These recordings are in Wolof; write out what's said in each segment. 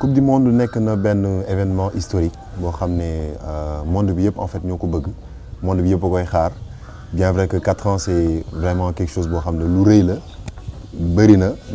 coupe du monde n'est na événement historique boo xam euh, monde bi yëpp en fait nous ko bëgg monde bi yëpp a xaar bien vrai que 4 ans c'est vraiment quelque chose de xam lu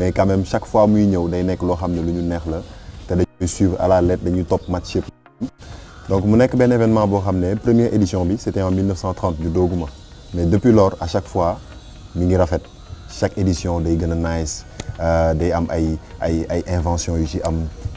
mais quand même chaque fois muy ñëw day nekk loo xam ne lu ñu neex la te suivre à la lettre dañuy top match donc mu nekk un événement qui xam première édition c'était en 1930 du dooguma mais depuis lors à chaque fois nous ngi fait chaque édition day gën a nice euh, day am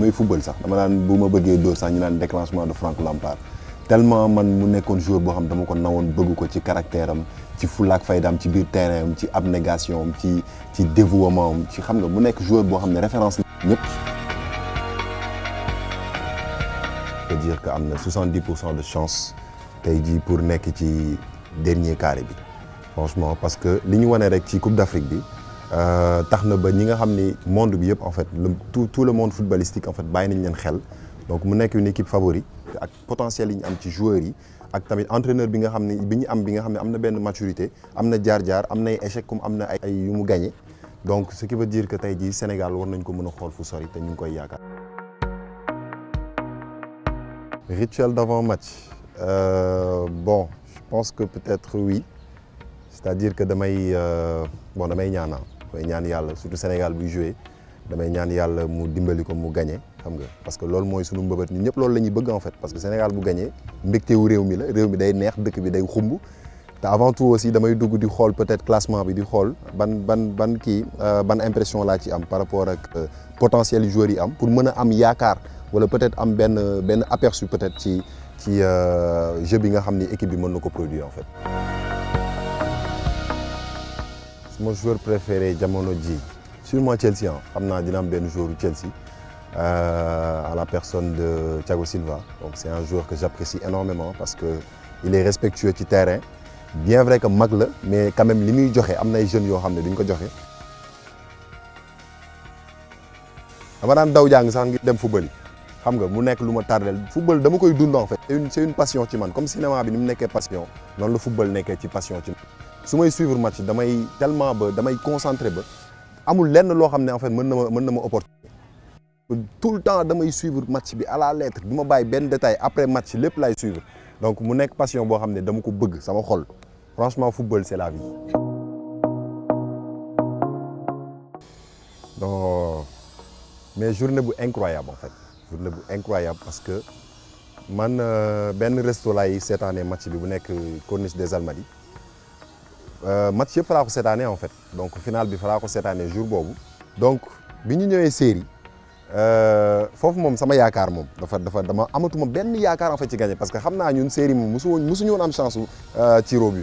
muy football sax dama déclenchement de Frank Lampard tellement man mu joueur caractère am ci terrain am abnégation am dévouement am ci joueur dire que 70 de chance tey jii pour nekk dernier carré franchement parce que li ñu rek Coupe d'Afrique euh, tax na ba ñi nga xam ni monde bi yëpp en fait le tout tout le monde footballistique en fait bàyyi nañ leen xel donc mu nekk une équipe favori ak potentiel yi ñu am ci joueurs yi ak tamit entraîneur bi nga xam ne bi ñu am bi nga xam ne am na benn maturité am na jaar-jaar am échec comme am na ay ay yu mu gagné donc ce qui veut dire que tey jii Sénégal war nañ ko mën a xool fu sori te ñu ngi koy yaakaar. Rituel d'avant-match euh, bon je pense que peut-être oui c'est-à-dire que damay euh, bon damay ñaanal koy ñaan yàlla surtout Sénégal buy jouer damay ñaan yalla mu dimbali ko mu gagner xam nga parce que lool moy suñu mbëbët ñun ñëpp loolu la bëgg en fait parce que Sénégal bu gagné wu réew mi la réew mi day neex dëkk bi day xumbu te avant tout aussi damay dugg di xol peut-être classement bi di xol ban ban ban ki euh, ban impression la ci am par rapport ak euh, potentiel joueur yi am pour mëna am yaakaar wala peut-être am ben ben aperçu peut-être ci ci euh, jeu bi nga xamni équipe bi mëna ko produire en fait. Mon joueur préféré jamono ji sûrement Chelsea Je hein. suis naa dina joueur Chelsea euh, à la personne de Thiago Silva c'est un joueur que j'apprécie énormément parce qu'il est respectueux du terrain bien vrai que Magle, mais quand même il y a des jeunes qui xam ne duñ ko joxe. dama football xam nga mu football c'est une passion Comme le comme cinéma bi une passion le football est une passion je suis le match tellement concentré Je amul en tout le temps damay suivre match à la lettre du ma détail après match le suivre donc mu une passion que je ne dama franchement football c'est la vie. donc mes journée incroyable en fait incroyable parce que man euh, benn resto match bi Corniche des Almadies. Euh, match yëpp laa ko seetaanee en fait donc final bi fa laa ko seetaanee jour boobu donc bi ñu ñëwee série euh, foofu moom sama yaakaar moom dafa dafa dama amatuma benn yaakaar en fait ci gagné parce que xam naa ñun série moom mosu woon am chance euh, ci tiro bi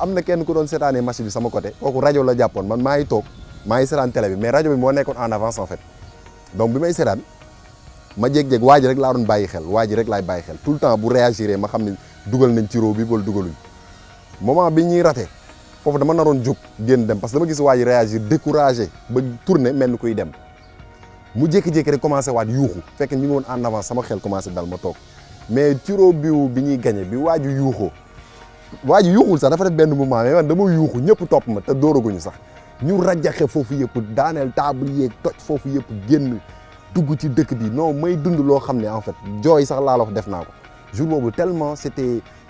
am na kenn ku doon seetaanee match bi sama côté kooku rajo la jàppoon man maa ngi toog maa ngi seetaan télé bi mais rajo bi moo nekkoon en avance en fait donc bi may seetaan ma jéeg-jéeg waa ji rek laa doon bàyyi xel waa ji rek laay bàyyi xel tout le temps bu réagiré ma xam ne dugal nañ tiro bi wala dugaluñ moment bi ñuy raté foofu dama naroon jóg génn dem parce que dama gis waa réagir découragé ba tourner mel koy dem mu jékki-jékki rek commencé wat yuxu fekk ñu ngi won en avant sama xel commencé dal ma tok mais tiro biwu bi ñuy gañe bi waa yuxu yuuxoo waa ji sax dafa def ben moment mais man dama yuxu ñepp top ma te dóoraguñu sax ñu rajaxé fofu yépp daanel table yeeg toj fofu yépp génn dugg ci dëkk bi non may dund lo xamné en fait joy sax la la wax def nako jour bobu tellement c'était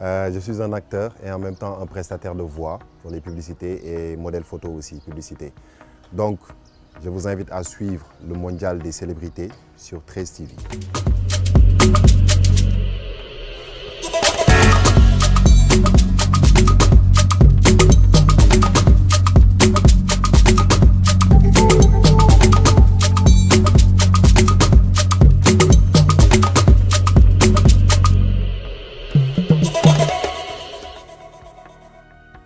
Euh, je suis un acteur et en même temps un prestataire de voix pour les publicités et modèle photo aussi, publicité. Donc, je vous invite à suivre le Mondial des célébrités sur 13 TV.